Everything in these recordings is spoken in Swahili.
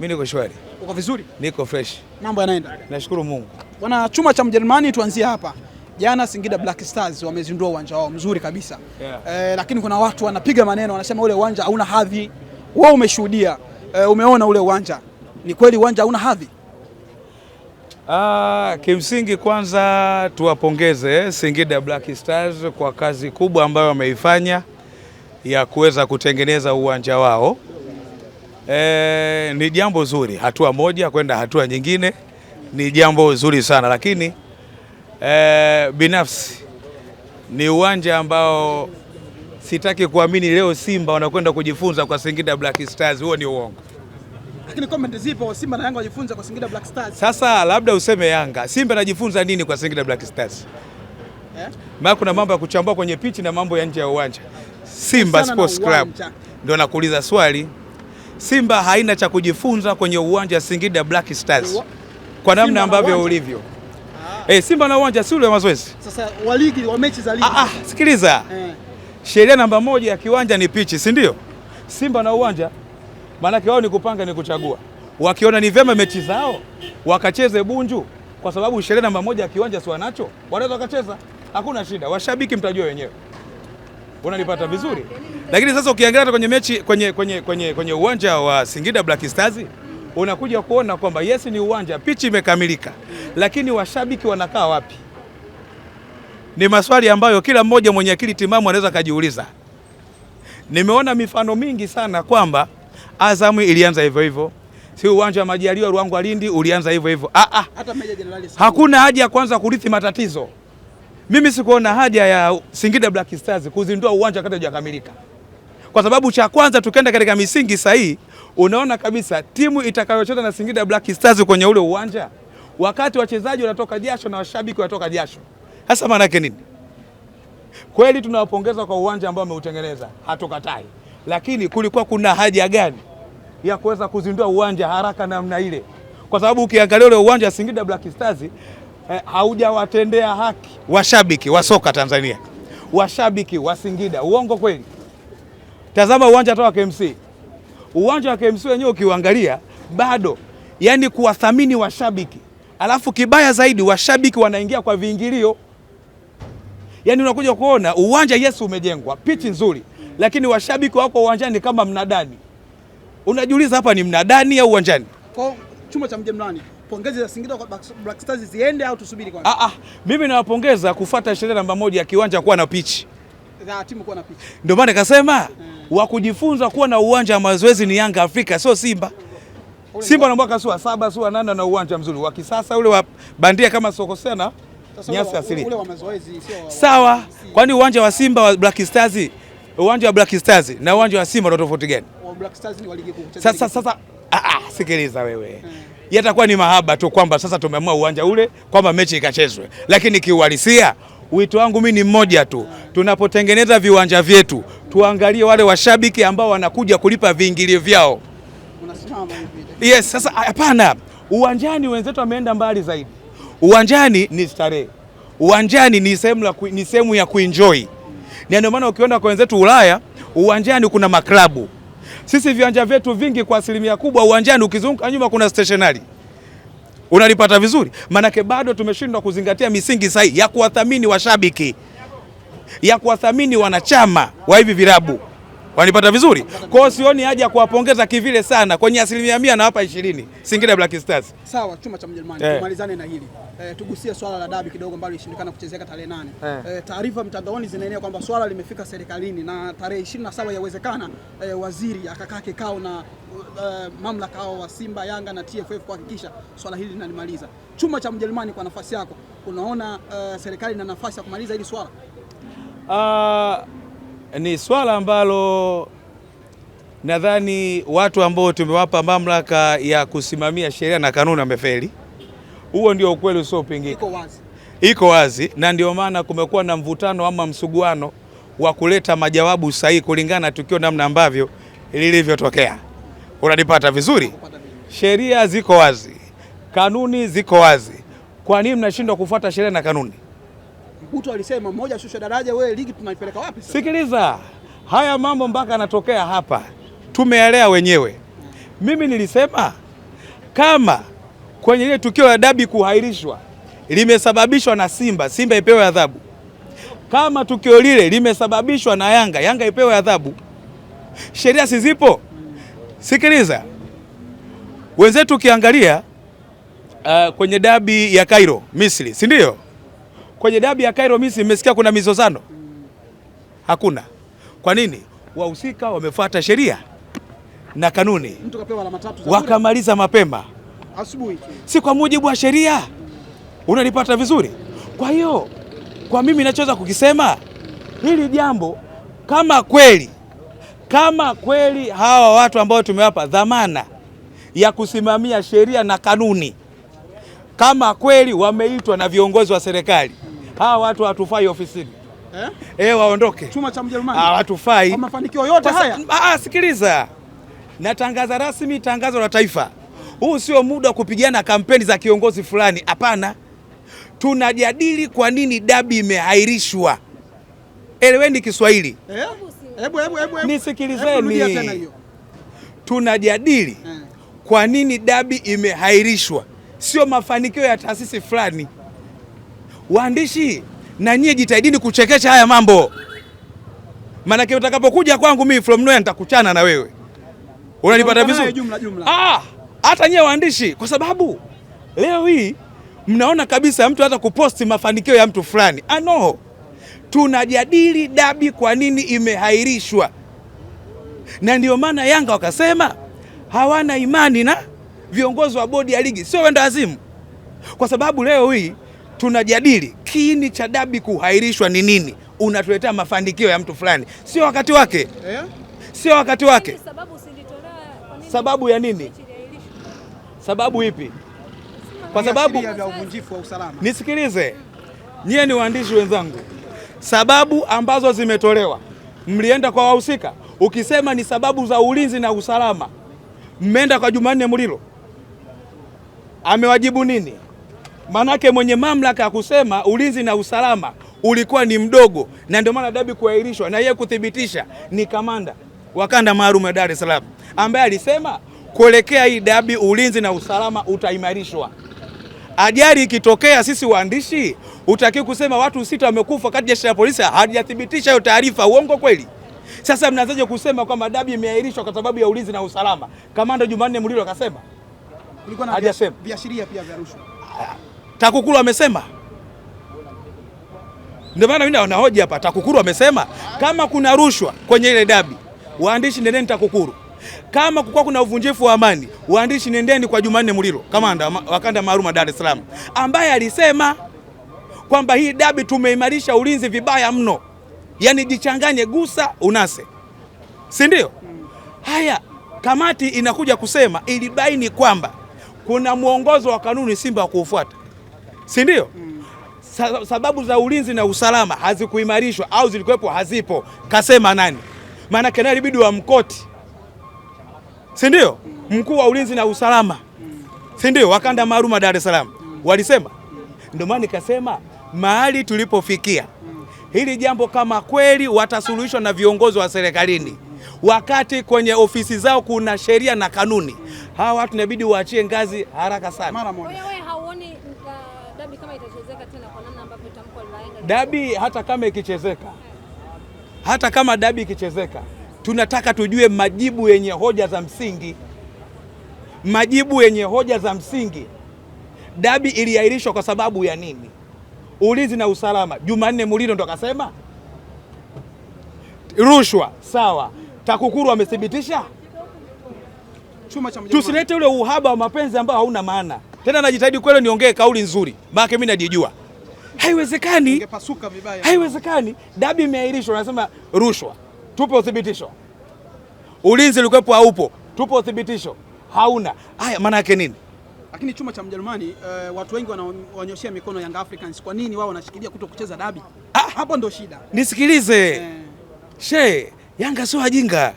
Mimi niko shwari. Uko vizuri? Niko fresh. Mambo yanaenda. Nashukuru Mungu. Bwana, chuma cha Mjerumani tuanzie hapa. Jana Singida Black Stars wamezindua uwanja wao mzuri kabisa yeah. E, lakini kuna watu wanapiga maneno wanasema ule uwanja hauna hadhi. Wewe umeshuhudia e, umeona ule uwanja, ni kweli uwanja hauna hadhi? Ah, kimsingi kwanza tuwapongeze Singida Black Stars kwa kazi kubwa ambayo wameifanya ya kuweza kutengeneza uwanja wao e, ni jambo zuri. Hatua moja kwenda hatua nyingine ni jambo zuri sana, lakini e, binafsi ni uwanja ambao sitaki kuamini leo Simba wanakwenda kujifunza kwa Singida Black Stars. Huo ni uongo, lakini comment zipo, Simba na Yanga wajifunza kwa Singida Black Stars. Sasa labda useme Yanga, Simba anajifunza nini kwa Singida Black Stars? Yeah. Maana kuna mambo ya kuchambua kwenye pichi na mambo ya nje ya uwanja. Simba Sports Club, ndio nakuuliza swali. Simba haina cha kujifunza kwenye uwanja wa Singida Black Stars kwa namna ambavyo ulivyo. Ah. Eh, Simba na uwanja si ule wa mazoezi. Sasa wa ligi wa mechi za ligi. Ah, ah, sikiliza eh. Sheria namba moja ya kiwanja ni pichi, si ndio? Simba na uwanja maanake wao ni kupanga ni kuchagua, wakiona ni vyema mechi zao wakacheze Bunju kwa sababu sheria namba moja ya kiwanja si wanacho, wanaweza wakacheza, hakuna shida. Washabiki mtajua wenyewe, unanipata vizuri? Ah, lakini sasa ukiangalia kwenye mechi kwenye, kwenye, kwenye, kwenye uwanja wa Singida Black Stars unakuja kuona kwamba yes, ni uwanja pichi imekamilika, lakini washabiki wanakaa wapi? Ni maswali ambayo kila mmoja mwenye akili timamu anaweza kujiuliza. Nimeona mifano mingi sana kwamba Azamu ilianza hivyo hivyo, si uwanja wa Majaliwa Ruangwa Lindi ulianza hivyo hivyo. Ah, ah. Hakuna haja ya kwanza kurithi matatizo. Mimi sikuona haja ya Singida Black Stars kuzindua uwanja kati hujakamilika kwa sababu cha kwanza, tukenda katika misingi sahihi, unaona kabisa timu itakayocheza na Singida Black Stars kwenye ule uwanja, wakati wachezaji wanatoka jasho na washabiki wanatoka jasho, hasa maana yake nini? Kweli tunawapongeza kwa uwanja ambao wameutengeneza, hatukatai, lakini kulikuwa kuna haja gani ya kuweza kuzindua uwanja haraka namna ile? Kwa sababu ukiangalia ule uwanja wa Singida Black Stars eh, haujawatendea haki washabiki wa soka Tanzania, washabiki wa Singida. Uongo kweli? Tazama uwanja hata wa KMC, uwanja wa KMC wenyewe ukiuangalia bado, yani kuwathamini washabiki, alafu kibaya zaidi washabiki wanaingia kwa viingilio. Yani unakuja kuona uwanja Yesu umejengwa pichi nzuri, lakini washabiki wako uwanjani kama mnadani. Unajiuliza hapa ni mnadani au uwanjani? Kwa chuma cha mjemlani Pongezi za Singida kwa Black Stars ziende au tusubiri kwanza? Ah, ah, mimi nawapongeza kufuata sheria namba moja ya kiwanja kuwa na pichi. na timu kuwa na pichi. Ndio maana nikasema hmm wa kujifunza kuwa na uwanja wa mazoezi ni Yanga Afrika, sio Simba. Simba na mwaka sua saba sua nane na uwanja mzuri wa kisasa ule wa bandia kama sokosena nyasi asili sawa. Kwani uwanja wa Simba wa Black Stars, uwanja wa Black Stars na uwanja wa Simba ndio tofauti gani? Sasa sasa, ah, ah, sikiliza wewe, yatakuwa ni mahaba tu kwamba sasa tumeamua uwanja ule kwamba mechi ikachezwe, lakini kiuhalisia wito wangu mimi ni mmoja tu, tunapotengeneza viwanja vyetu tuangalie wale washabiki ambao wanakuja kulipa viingilio vyao. Yes, sasa hapana, uwanjani wenzetu ameenda mbali zaidi. Uwanjani ni starehe, uwanjani ni sehemu ni sehemu ya kuenjoy, na ndio maana ukienda kwa wenzetu Ulaya, uwanjani kuna maklabu. Sisi viwanja vyetu vingi kwa asilimia kubwa, uwanjani ukizunguka nyuma kuna stationary unalipata vizuri, maanake bado tumeshindwa kuzingatia misingi sahihi ya kuwathamini washabiki ya kuwathamini wanachama wa hivi vilabu. Wanipata vizuri? Kwa hiyo sioni haja ya kuwapongeza kivile sana, kwenye asilimia mia nawapa ishirini Singida Black Stars. Sawa, chuma cha Mjerumani eh. Tumalizane na hili eh, tugusie swala la dabi kidogo ambalo lilishindikana kuchezeka tarehe nane eh. Eh, taarifa mtandaoni zinaenea kwamba swala limefika serikalini na tarehe ishirini na saba yawezekana eh, waziri akakaa kikao na uh, mamlaka hao wa Simba, Yanga na TFF kuhakikisha swala hili linalimaliza. Chuma cha Mjerumani, kwa nafasi yako unaona uh, serikali ina nafasi ya kumaliza hili swala? Uh, ni swala ambalo nadhani watu ambao tumewapa mamlaka ya kusimamia sheria na kanuni wamefeli. Huo ndio ukweli usiopingika, iko wazi, na ndio maana kumekuwa na mvutano ama msuguano wa kuleta majawabu sahihi kulingana na tukio namna ambavyo lilivyotokea. Unanipata vizuri? Sheria ziko wazi, kanuni ziko wazi. Kwa nini mnashindwa kufuata sheria na kanuni? Mguto alisema mmoja shusha daraja, wewe ligi tunaipeleka wapi? Sikiliza, haya mambo mpaka yanatokea hapa, tumealea wenyewe. Mimi nilisema kama kwenye ile tukio la dabi kuhairishwa limesababishwa na Simba, Simba ipewe adhabu. Kama tukio lile limesababishwa na Yanga, Yanga ipewe adhabu. Sheria sizipo? Sikiliza wenzetu, ukiangalia uh, kwenye dabi ya Cairo Misri, si ndio? kwenye dabi ya Cairo Misri, mmesikia kuna mizozano? Hakuna. Kwa nini? Wahusika wamefuata sheria na kanuni, wakamaliza mapema asubuhi, si kwa mujibu wa sheria. unalipata vizuri? Kwa hiyo kwa mimi nachoweza kukisema hili jambo, kama kweli kama kweli hawa watu ambao tumewapa dhamana ya kusimamia sheria na kanuni, kama kweli wameitwa na viongozi wa serikali hawa watu watufai ofisini eh? Eh, waondoke chuma cha Mjerumani, hawatufai ah, kwa mafanikio yote haya. Ah, ah, sikiliza, natangaza rasmi tangazo la taifa. Huu sio muda wa kupigana kampeni za kiongozi fulani, hapana. Tunajadili kwa nini dabi imehairishwa. Eleweni Kiswahili, eh? nisikilizeni. Tunajadili eh. kwa nini dabi imehairishwa, sio mafanikio ya taasisi fulani waandishi, na nyie jitahidini kuchekesha haya mambo, maanake utakapokuja kwangu mimi from nowhere nitakuchana na wewe, unanipata vizuri? Jumla jumla, ah, hata nyie waandishi, kwa sababu leo hii mnaona kabisa mtu hata kuposti mafanikio ya mtu fulani ano, tunajadili dabi, kwa nini imehairishwa, na ndio maana Yanga wakasema hawana imani na viongozi wa bodi ya ligi, sio wenda azimu, kwa sababu leo hii tunajadili kiini cha dabi kuhairishwa ni nini, unatuletea mafanikio ya mtu fulani, sio wakati wake, eh? sio wakati wake. Sababu ya nini? Sababu ipi? Kwa sababu nisikilize, nyie ni waandishi wenzangu, sababu ambazo zimetolewa mlienda kwa wahusika, ukisema ni sababu za ulinzi na usalama, mmeenda kwa Jumanne Mulilo amewajibu nini? manake mwenye mamlaka ya kusema ulinzi na usalama ulikuwa ni mdogo, na ndio maana dabi kuahirishwa na yeye kuthibitisha ni kamanda wa kanda maalum ya Dar es Salaam ambaye alisema kuelekea hii dabi ulinzi na usalama utaimarishwa. Ajali ikitokea, sisi waandishi utaki kusema watu sita wamekufa kati jeshi la polisi hajathibitisha hiyo taarifa. Uongo kweli? Sasa mnaanzaje kusema kwamba dabi imeahirishwa kwa sababu ya ulinzi na usalama? Kamanda Jumanne Mlilo akasema, na viashiria pia vya rushwa TAKUKURU amesema. Ndio maana mimi nahoji hapa, TAKUKURU amesema kama kuna rushwa kwenye ile dabi, waandishi nendeni TAKUKURU. Kama kukuwa kuna uvunjifu wa amani, waandishi nendeni kwa Jumanne Mulilo, kamanda wa kanda maalum Dar es Salaam, ambaye alisema kwamba hii dabi tumeimarisha ulinzi vibaya mno, yaani jichanganye, gusa unase, si ndio? Haya, kamati inakuja kusema ilibaini kwamba kuna mwongozo wa kanuni Simba wa kuufuata si ndio? mm. sababu za ulinzi na usalama hazikuimarishwa au zilikuwepo hazipo, kasema nani? Maana Kanali Bidu wa Mkoti, si ndio? mm. mkuu wa ulinzi na usalama mm. si ndio, wakanda maalum Dar es Salaam mm. walisema mm. ndio maana nikasema mahali tulipofikia mm. hili jambo kama kweli watasuluhishwa na viongozi wa serikalini mm. wakati kwenye ofisi zao kuna sheria na kanuni, mm. hawa watu inabidi waachie ngazi haraka sana, mara moja. dabi hata kama ikichezeka, hata kama dabi ikichezeka, tunataka tujue majibu yenye hoja za msingi, majibu yenye hoja za msingi. Dabi iliahirishwa kwa sababu ya nini? Ulinzi na usalama. Jumanne Mulino ndo akasema rushwa, sawa. TAKUKURU amethibitisha. Tusilete ule uhaba wa mapenzi ambao hauna maana. Tena najitahidi kweli niongee kauli nzuri, maana mimi najijua haiwezekani, ingepasuka vibaya, haiwezekani. Dabi imeahirishwa, wanasema rushwa. Tupe uthibitisho. Ulinzi ulikuwepo, haupo. Tupe uthibitisho, hauna. Haya, maana yake nini? Lakini chuma cha Mjerumani uh, watu wengi wanawanyoshea mikono Young Africans. Kwa nini wao wanashikilia kuto kucheza dabi? Ah, hapo ndo shida. Nisikilize eh. She, Yanga sio wajinga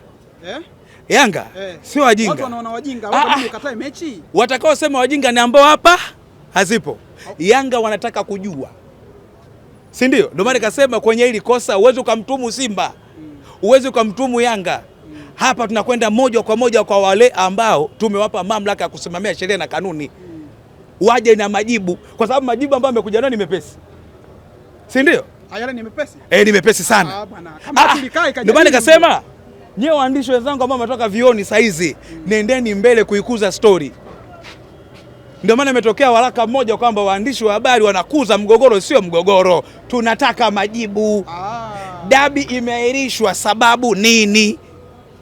eh? Yanga eh, sio wajinga. Watu wanaona wajinga, ah, wao ah. wamekataa mechi. Watakao sema wajinga ni ambao hapa hazipo. Oh. Yanga wanataka kujua si ndio? Ndio maana nikasema kwenye hili kosa huwezi ukamtumu Simba, uwezi ukamtumu Yanga. Hapa tunakwenda moja kwa moja kwa wale ambao tumewapa mamlaka ya kusimamia sheria na kanuni, waje na majibu, kwa sababu majibu ambayo amekuja nayo ni mepesi, si ndio? Ah, Yale ni mepesi eh, ni mepesi sana. Ah, ah, ndio maana nikasema nyewe waandishi wenzangu ambao wametoka vioni saizi, nendeni mbele kuikuza stori ndio maana imetokea waraka mmoja kwamba waandishi wa habari wanakuza mgogoro. Sio mgogoro, tunataka majibu. Ah. Dabi imeahirishwa sababu nini?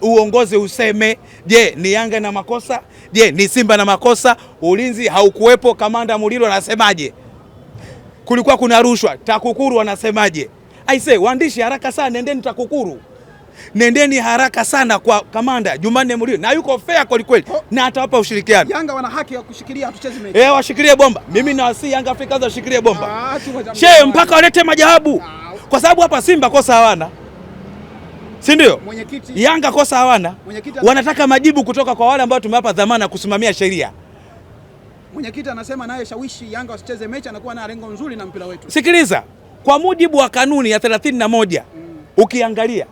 Uongozi useme, je, ni Yanga na makosa? Je, ni Simba na makosa? Ulinzi haukuwepo, kamanda Mulilo anasemaje? Kulikuwa kuna rushwa, TAKUKURU wanasemaje? Aise, waandishi haraka sana, nendeni TAKUKURU nendeni haraka sana kwa kamanda Jumanne mlio na yuko fair kweli kweli oh. na atawapa ushirikiano. Yanga wana haki ya kushikilia, hatuchezi mechi eh, washikilie bomba. Mimi nawasi Yanga Afrika washikilie bomba ah, she mpaka walete majawabu, ah, kwa sababu hapa Simba kosa hawana si ndio? Yanga kosa hawana, wanataka majibu kutoka kwa wale ambao tumewapa dhamana kusimamia sheria. Mwenyekiti anasema naye shawishi Yanga wasicheze mechi, anakuwa na lengo nzuri na mpira wetu. Sikiliza, kwa mujibu wa kanuni ya 31 mm. ukiangalia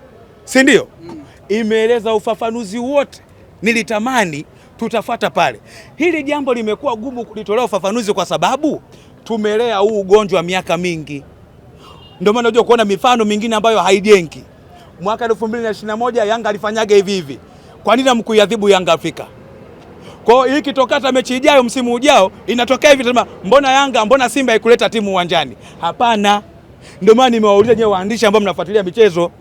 si ndio? Mm. Imeeleza ufafanuzi wote nilitamani tutafata pale. Hili jambo limekuwa gumu kulitolea ufafanuzi kwa sababu tumelea huu ugonjwa miaka mingi, ndio maana unajua kuona mifano mingine ambayo haijengi. Mwaka 2021 Yanga alifanyaga hivi hivi, kwa nini hamkuiadhibu Yanga Afrika? Kwa hiyo ikitokata mechi ijayo, msimu ujao inatokea hivi, tunasema mbona Yanga, mbona Simba ikuleta timu uwanjani? Hapana, ndio maana nimewauliza nyewe waandishi ambao mnafuatilia michezo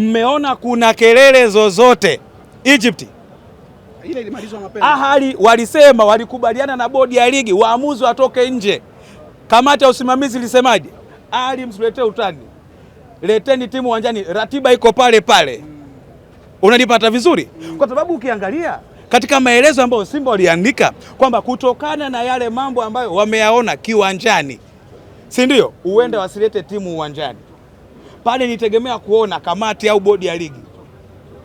mmeona kuna kelele zozote Egypt? Ile ilimalizwa mapema. Ahali walisema walikubaliana na bodi ya ligi waamuzi watoke nje. Kamati ya usimamizi ilisemaje? Ali, msiletee utani, leteni timu uwanjani, ratiba iko pale pale. Unanipata vizuri? Kwa sababu ukiangalia katika maelezo ambayo Simba waliandika kwamba kutokana na yale mambo ambayo wameyaona kiwanjani, si ndio, huenda wasilete timu uwanjani pale nitegemea kuona kamati au bodi ya ligi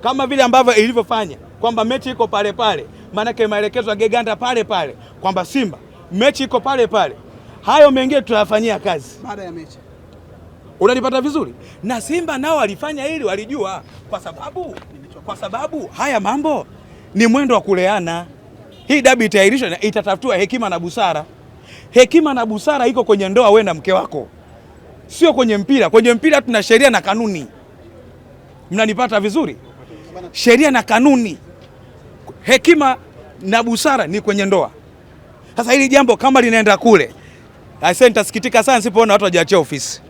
kama vile ambavyo ilivyofanya kwamba mechi iko pale pale, maanake maelekezo ya Geganda pale pale kwamba Simba mechi iko pale pale. Hayo mengine tutayafanyia kazi baada ya mechi. Unanipata vizuri? Na Simba nao walifanya hili, walijua, kwa sababu kwa sababu haya mambo ni mwendo wa kuleana. Hii dabi itaahirishwa, itatafutiwa hekima na busara. Hekima na busara iko kwenye ndoa, wewe na mke wako sio kwenye mpira. Kwenye mpira tuna sheria na kanuni, mnanipata vizuri? Sheria na kanuni, hekima na busara ni kwenye ndoa. Sasa hili jambo kama linaenda kule, aise, nitasikitika sana sipoona watu wajiachia ofisi.